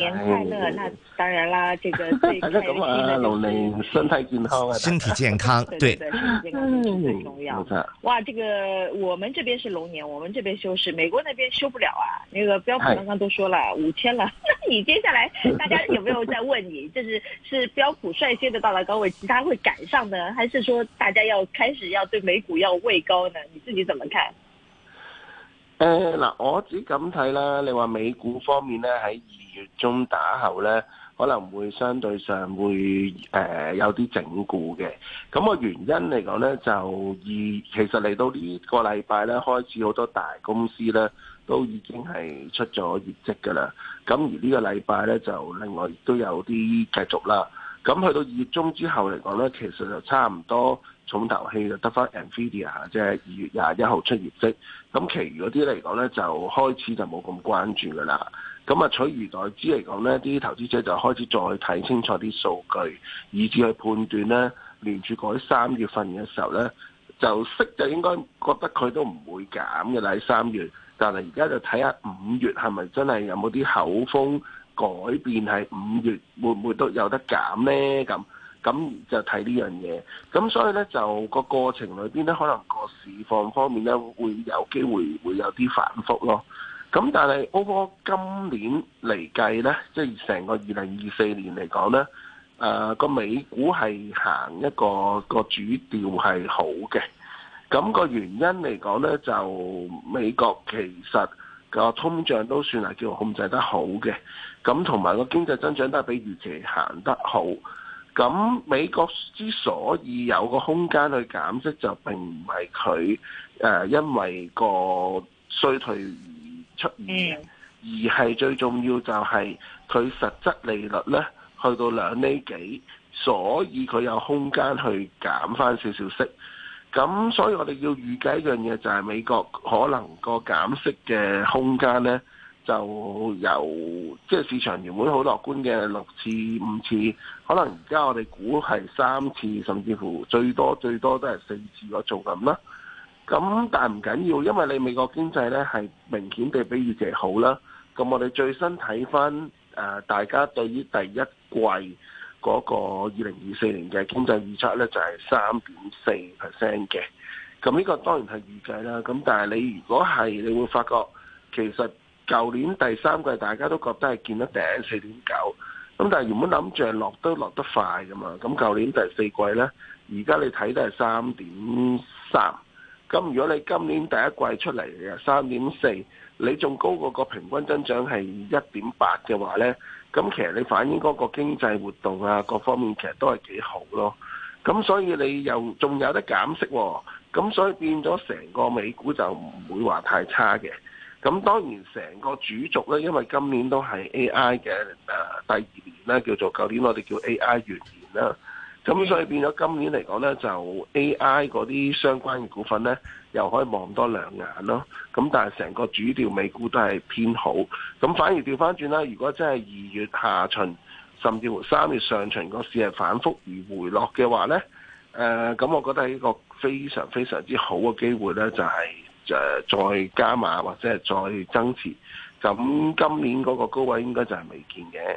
年快樂。哎，那當然啦。哎，這個最開心的就是身體健康，身體健康，對，很重要。哇，這個我們這邊是龍年，我們這邊休市，美國那邊休不了啊。那個標普剛剛都說了五千了，那 你接下來大家有沒有在問你，就是是標普率先的到了高位，其他會趕上呢，還是說大家要開始要對美股要畏高呢？你自己怎麼看？呃，那我只咁睇啦。你話美股方面呢還月中打後咧，可能會相對上會誒、呃、有啲整固嘅。咁、個原因嚟講咧，就二其實嚟到個禮呢個禮拜咧，開始好多大公司咧都已經係出咗業績噶啦。咁而個禮呢個禮拜咧，就另外都有啲繼續啦。咁去到二月中之後嚟講咧，其實就差唔多重頭戲就得返 NVIDIA，即係二月廿一號出業績。咁其餘嗰啲嚟講咧，就開始就冇咁關注噶啦。咁啊，取而代之嚟講呢啲投資者就開始再睇清楚啲數據，以至去判斷呢聯儲局，三月份嘅時候呢，就識就應該覺得佢都唔會減嘅喺三月。但係而家就睇下五月係咪真係有冇啲口風改變，係五月會唔會都有得減呢？咁咁就睇呢樣嘢。咁所以呢，就、那個過程裏邊呢，可能個市況方面呢，會有機會會有啲反復咯。咁但係，如果今年嚟計咧，即係成個二零二四年嚟講咧，誒、啊、個美股係行一個個主調係好嘅。咁個原因嚟講咧，就美國其實個通脹都算係叫控制得好嘅。咁同埋個經濟增長都係比預期行得好。咁美國之所以有個空間去減息，就並唔係佢誒因為個衰退。出而係最重要就係佢實質利率呢去到兩釐幾，所以佢有空間去減翻少少息。咁所以我哋要預計一樣嘢，就係、是、美國可能個減息嘅空間呢，就由即係、就是、市場原本好樂觀嘅六次、五次，可能而家我哋估係三次，甚至乎最多最多都係四次咗做咁啦。咁但係唔緊要，因為你美國經濟咧係明顯地比預期好啦。咁我哋最新睇返，誒大家對於第一季嗰個二零二四年嘅經濟預測咧就係三點四 percent 嘅。咁呢個當然係預計啦。咁但係你如果係，你會發覺其實舊年第三季大家都覺得係見得頂四點九，咁但係原本諗住落都落得快㗎嘛。咁舊年第四季咧，而家你睇都係三點三。咁如果你今年第一季出嚟嘅三點四，你仲高過個平均增長係一點八嘅話咧，咁其實你反映嗰個經濟活動啊各方面其實都係幾好咯。咁所以你又仲有得減息喎，咁所以變咗成個美股就唔會話太差嘅。咁當然成個主軸咧，因為今年都係 A I 嘅誒第二年啦，叫做舊年我哋叫 A I 元年啦。咁所以變咗今年嚟講咧，就 AI 嗰啲相關嘅股份咧，又可以望多兩眼咯。咁但係成個主調美股都係偏好，咁反而調返轉啦。如果真係二月下旬甚至乎三月上旬個市係反覆而回落嘅話咧，誒、呃，咁我覺得係一個非常非常之好嘅機會咧，就係、是、誒再加碼或者係再增持。咁今年嗰個高位應該就係未見嘅。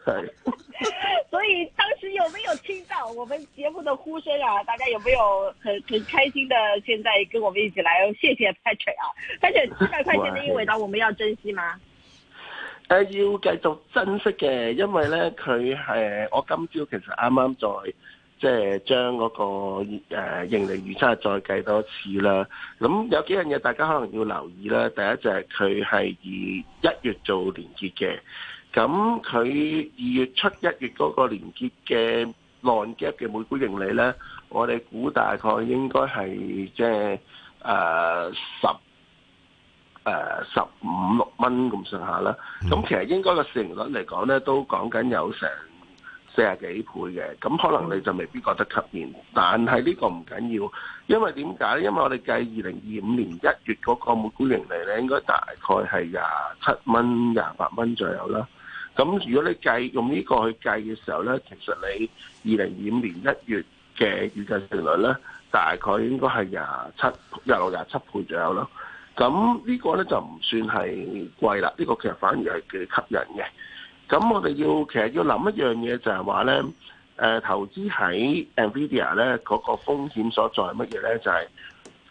所以當時有沒有聽到我們節目的呼聲啊？大家有沒有很很開心的？現在跟我們一起來謝謝 Patrick 啊！Patrick 百塊錢的英偉達，到我們要珍惜嗎？誒，要繼續珍惜嘅，因為咧佢係我今朝其實啱啱、就是那個呃、再即係將嗰個誒盈利預測再計多次啦。咁有幾樣嘢大家可能要留意啦。第一就係佢係以一月做連結嘅。咁佢二月初一月嗰個連結嘅浪 gap 嘅每股盈利咧，我哋估大概應該係即係誒十誒十五六蚊咁上下啦。咁、呃呃、其實應該個市盈率嚟講咧，都講緊有成四十幾倍嘅。咁可能你就未必覺得吸引，但係呢個唔緊要，因為點解？因為我哋計二零二五年一月嗰個每股盈利咧，應該大概係廿七蚊、廿八蚊左右啦。咁如果你計用呢個去計嘅時候咧，其實你二零二五年一月嘅預計成率咧，大概應該係廿七、廿六、廿七倍左右咯。咁呢個咧就唔算係貴啦，呢個其實反而係幾吸引嘅。咁我哋要其實要諗一樣嘢就係話咧，誒投資喺 NVIDIA 咧嗰個風險所在係乜嘢咧？就係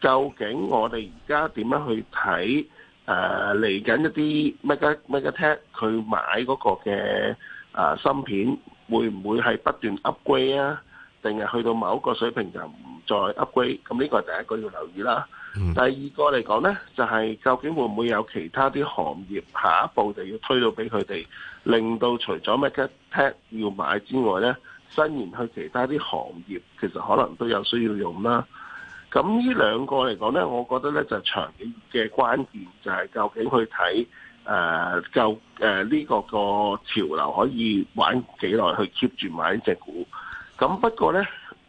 究竟我哋而家點樣去睇？誒嚟緊一啲 mega tech，佢買嗰個嘅啊芯片，會唔會係不斷 upgrade 啊？定係去到某一個水平就唔再 upgrade？咁呢個係第一個要留意啦。第二個嚟講咧，就係究竟會唔會有其他啲行業下一步就要推到俾佢哋，令到除咗 mega tech 要買之外咧，伸延去其他啲行業其實可能都有需要用啦。咁呢兩個嚟講咧，我覺得咧，就長遠嘅關鍵就係究竟去睇誒究誒呢個個潮流可以玩幾耐去 keep 住買隻股。咁不過咧，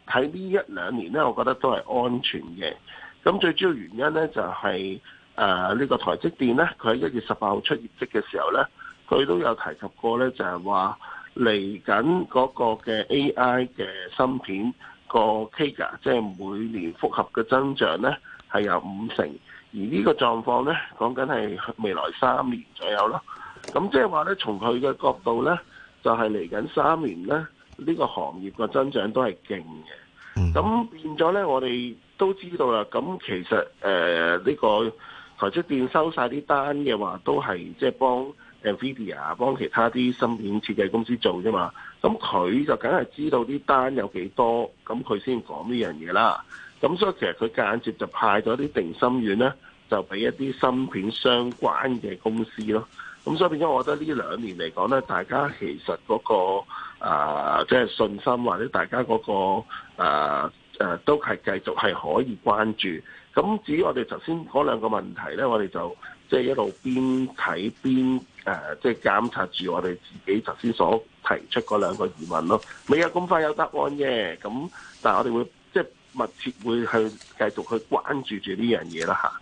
喺呢一兩年咧，我覺得都係安全嘅。咁最主要原因咧，就係誒呢個台積電咧，佢喺一月十八號出業績嘅時候咧，佢都有提及過咧，就係話嚟緊嗰個嘅 AI 嘅芯片。個 CAGR，即係每年複合嘅增長咧，係有五成，而呢個狀況咧，講緊係未來三年左右咯。咁即係話咧，從佢嘅角度咧，就係嚟緊三年咧，呢個行業嘅增長都係勁嘅。咁變咗咧，我哋都知道啦。咁其實誒呢個台積電收晒啲單嘅話，都係即係幫。Nvidia 幫其他啲芯片設計公司做啫嘛，咁佢就梗係知道啲單有幾多，咁佢先講呢樣嘢啦。咁所以其實佢間接就派咗啲定心丸咧，就俾一啲芯片相關嘅公司咯。咁所以變咗，我覺得呢兩年嚟講咧，大家其實嗰個啊，即係信心或者大家嗰個啊都係繼續係可以關注。咁至於我哋頭先嗰兩個問題咧，我哋就即係一路邊睇邊。誒，即係監察住我哋自己頭先所提出嗰兩個疑問咯。未有咁快有答案嘅，咁但係我哋會即係密切會去繼續去關注住呢樣嘢啦嚇。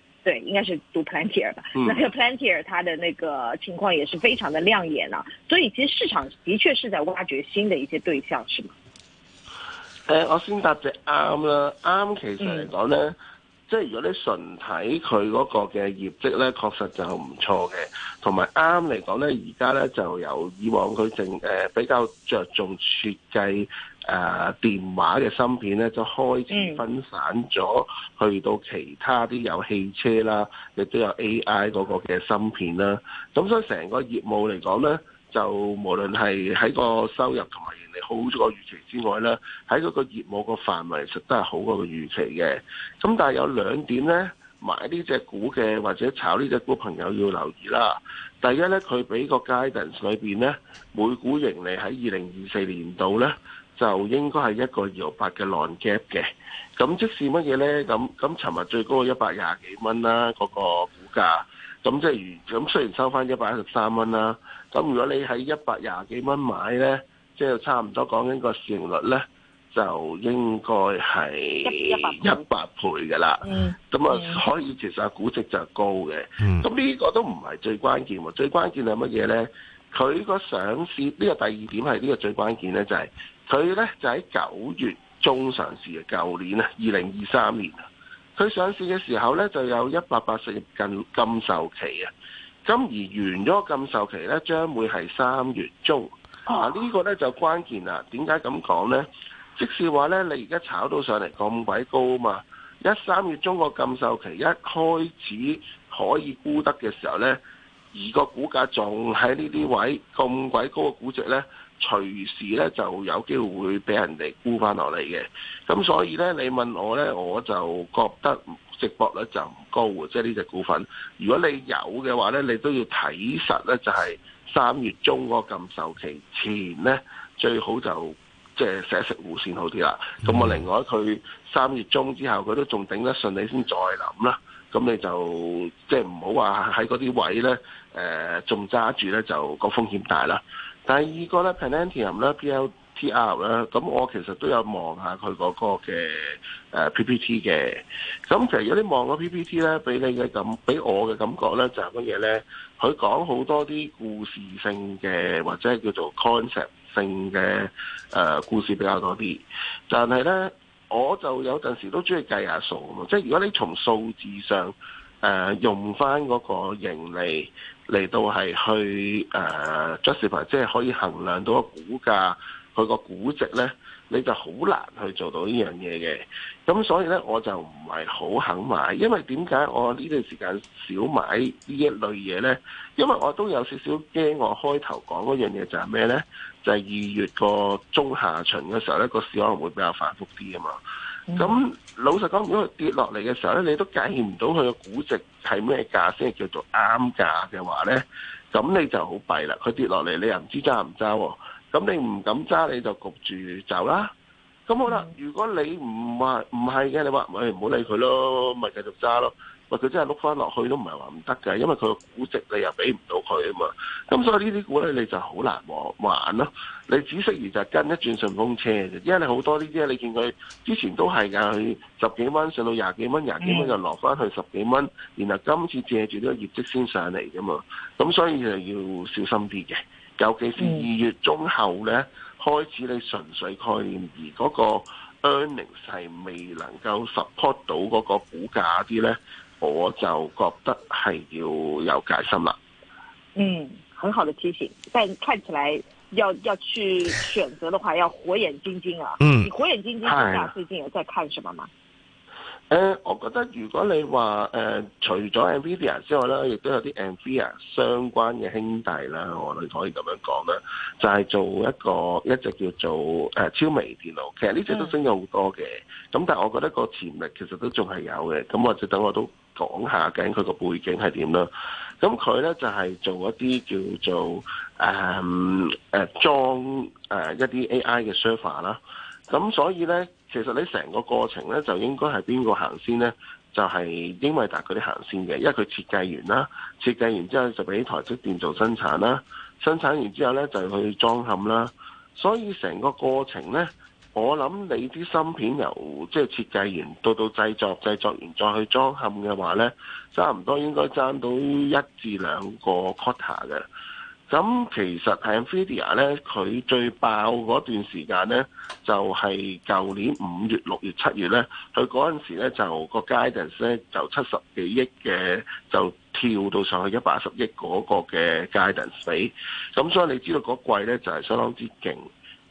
對，應該是讀 Palantir 吧？嗯、那個、Palantir 它的那個情況也是非常的亮眼啊。所以其實市場的確是在挖掘新的一些對象，是嗎？誒、嗯呃，我先答只啱啦，啱、嗯、其實嚟講呢，嗯、即係如果你純睇佢嗰個嘅業績呢，確實就唔錯嘅，同埋啱嚟講呢，而家呢就由以往佢正、呃、比較着重設計。誒、啊、電話嘅芯片咧，就開始分散咗、嗯、去到其他啲有汽車啦，亦都有 AI 嗰個嘅芯片啦。咁所以成個業務嚟講咧，就無論係喺個收入同埋盈利好咗個預期之外咧，喺嗰個業務個範圍實都係好過個預期嘅。咁但係有兩點咧，買呢隻股嘅或者炒呢隻股嘅朋友要留意啦。第一咧，佢俾個 guidance 裏面咧，每股盈利喺二零二四年度咧。就應該係一個二六八嘅浪嘅，咁即使乜嘢咧？咁咁尋日最高一百廿幾蚊啦，嗰、那個股價，咁即係如咁雖然收翻一百一十三蚊啦，咁如果你喺一百廿幾蚊買咧，即、就、係、是、差唔多講緊個市盈率咧，就應該係一百倍嘅啦。咁啊，所以其實估值就是高嘅。咁呢個都唔係最關鍵喎，最關鍵係乜嘢咧？佢個上市呢、這個第二點係呢個最關鍵咧、就是，就係。佢咧就喺九月中上市嘅，舊年啊，二零二三年啊，佢上市嘅時候咧就有一百八十近禁售期啊，咁而完咗禁售期咧，將會係三月中、哦、啊，這個、呢個咧就關鍵啦。點解咁講咧？即係話咧，你而家炒到上嚟咁鬼高啊嘛，一三月中個禁售期一開始可以沽得嘅時候咧，而個股價仲喺呢啲位咁鬼高嘅估值咧。隨時咧就有機會俾人哋沽翻落嚟嘅，咁所以咧你問我咧，我就覺得值博率就唔高嘅，即係呢隻股份。如果你有嘅話咧，你都要睇實咧，就係三月中嗰個禁售期前咧，最好就即係寫食弧線好啲啦。咁、嗯、我另外佢三月中之後，佢都仲頂得順，你先再諗啦。咁你就即係唔好話喺嗰啲位咧，誒仲揸住咧，就個風險大啦。第二個咧 Palantir 咧，PLTR 咧，咁我其實都有望下佢嗰個嘅 PPT 嘅。咁其實如果你望個 PPT 咧，俾你嘅感，俾我嘅感覺咧，就係乜嘢咧？佢講好多啲故事性嘅，或者係叫做 concept 性嘅誒、呃、故事比較多啲。但係咧，我就有陣時都中意計下數啊嘛。即係如果你從數字上誒、啊、用翻嗰個盈利嚟到係去誒 justify，即係可以衡量到個股價佢個估值咧，你就好難去做到呢樣嘢嘅。咁所以咧，我就唔係好肯買，因為點解我呢段時間少買呢一類嘢咧？因為我都有少少驚，我開頭講嗰樣嘢就係咩咧？就係、是、二月個中下旬嘅時候咧，個市可能會比較反覆啲啊嘛。咁、嗯、老實講，如果佢跌落嚟嘅時候咧，你都計唔到佢嘅估值係咩價先係叫做啱價嘅話咧，咁你就好弊啦。佢跌落嚟，你又唔知揸唔揸喎。咁你唔敢揸，你就焗住走啦。咁好啦、嗯，如果你唔唔係嘅，你話唔好理佢咯，咪繼續揸咯。佢真係碌翻落去都唔係話唔得㗎，因為佢個估值你又俾唔到佢啊嘛。咁所以估呢啲股咧，你就好難玩咯。你只適宜就跟一轉順風車啫，因為你好多呢啲咧，你見佢之前都係㗎，佢十幾蚊上到廿幾蚊，廿幾蚊就落翻去十幾蚊，然後今次借住呢個業績先上嚟㗎嘛。咁所以就要小心啲嘅，尤其是二月中後咧開始，你純粹概念而嗰個 earnings 係未能夠 support 到嗰個股價啲咧。我就覺得係要有戒心啦。嗯，很好的提醒，但看起來要要去選擇的話，要火眼金睛啊！嗯，你火眼金睛、啊，大家最近有在看什麼嗎？誒、呃，我覺得如果你話誒、呃，除咗 Nvidia 之外咧，亦都有啲 Nvidia 相關嘅兄弟啦，我哋可以咁樣講啦就係、是、做一個一隻叫做誒、呃、超微電腦，其實呢隻都升咗好多嘅。咁、嗯、但係我覺得個潛力其實都仲係有嘅。咁或者等我都講下緊佢個背景係點、就是呃、啦。咁佢咧就係做一啲叫做誒誒裝一啲 AI 嘅 server 啦。咁所以咧。其實你成個過程咧，就應該係邊個行先呢？就係、是、英偉達嗰啲行先嘅，因為佢設計完啦，設計完之後就俾台積電做生產啦，生產完之後咧就去裝嵌啦。所以成個過程呢，我諗你啲芯片由即係、就是、設計完到到製作，製作完再去裝嵌嘅話呢，差唔多應該爭到一至兩個 quarter 嘅。咁其實係 NVIDIA 咧，佢最爆嗰段時間咧，就係、是、舊年五月、六月、七月咧，佢嗰陣時咧就個 guidance 咧就七十幾億嘅，就跳到上去一百八十億嗰個嘅 guidance 畀，咁所以你知道嗰季咧就係、是、相當之勁。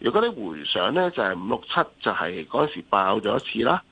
如果你回想咧就係五六七就係嗰陣時爆咗一次啦。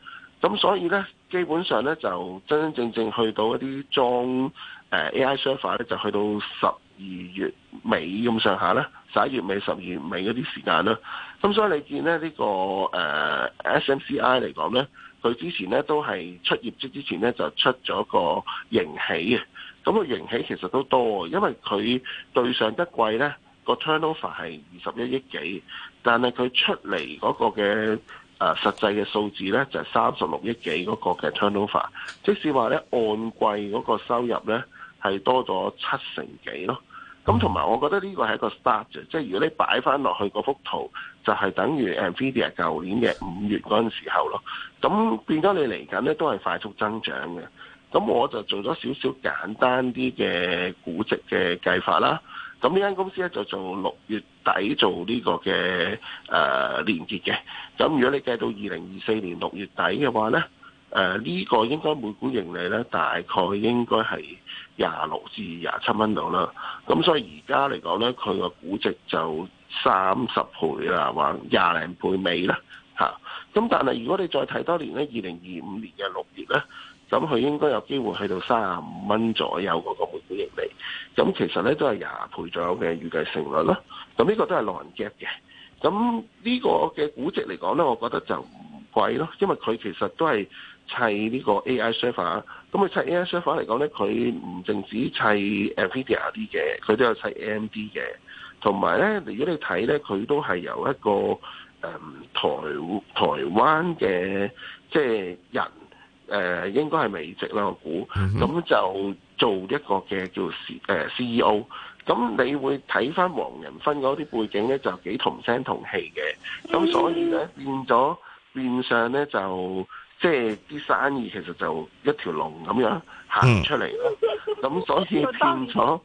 咁所以咧基本上咧就真真正正去到一啲裝誒 AI server 咧就去到十二月尾咁上下啦，十一月尾、十二月尾嗰啲時間啦。咁所以你見咧呢個誒 SMCI 嚟講咧，佢之前咧都係出業績之前咧就出咗個盈喜啊，咁個盈喜其實都多，因為佢對上一季咧 turn 個 turnover 係二十一億幾，但係佢出嚟嗰個嘅誒實際嘅數字咧就係三十六億幾嗰個嘅 turnover。即係話咧按季嗰個收入咧。係多咗七成幾咯，咁同埋我覺得呢個係一個 start 即係如果你擺翻落去嗰幅圖，就係等於 NVIDIA 舊年嘅五月嗰陣時候咯。咁變咗你嚟緊咧都係快速增長嘅。咁我就做咗少少簡單啲嘅估值嘅計法啦。咁呢間公司咧就做六月底做呢個嘅誒、呃、連結嘅。咁如果你計到二零二四年六月底嘅話咧、呃，誒、這、呢個應該每股盈利咧大概應該係。廿六至廿七蚊度啦，咁所以而家嚟講咧，佢個估值就三十倍啦，或廿零倍尾啦，吓，咁但係如果你再睇多年咧，二零二五年嘅六月咧，咁佢應該有機會去到三十五蚊左右嗰個每股盈利。咁其實咧都係廿倍左右嘅預計成率啦。咁呢個都係 non-GAAP 嘅。咁呢個嘅估值嚟講咧，我覺得就唔貴咯，因為佢其實都係砌呢個 AI server。咁佢砌 a s f 粉，嚟講咧，佢唔淨止砌 Nvidia 啲嘅，佢都有砌 AMD 嘅。同埋咧，如果你睇咧，佢都係由一個誒、嗯、台台灣嘅即係人誒、呃，應該係美籍啦，我估。咁就做一個嘅叫誒 CEO。咁你會睇翻黃仁勳嗰啲背景咧，就幾同聲同氣嘅。咁所以咧，變咗變相咧就。即係啲生意其實就一條龍咁樣行出嚟咯，咁、嗯、所以變咗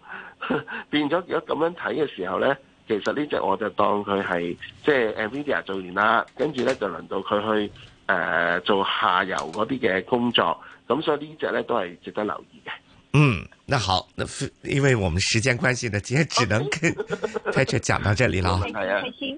變咗如果咁樣睇嘅時候咧，其實呢隻我就當佢係即係 Nvidia 做完啦，跟住咧就輪到佢去誒、呃、做下游嗰啲嘅工作，咁所以隻呢隻咧都係值得留意嘅。嗯，那好，那因為我們時間關係咧，今天只能跟 Patrick 講到這裏啦，係啊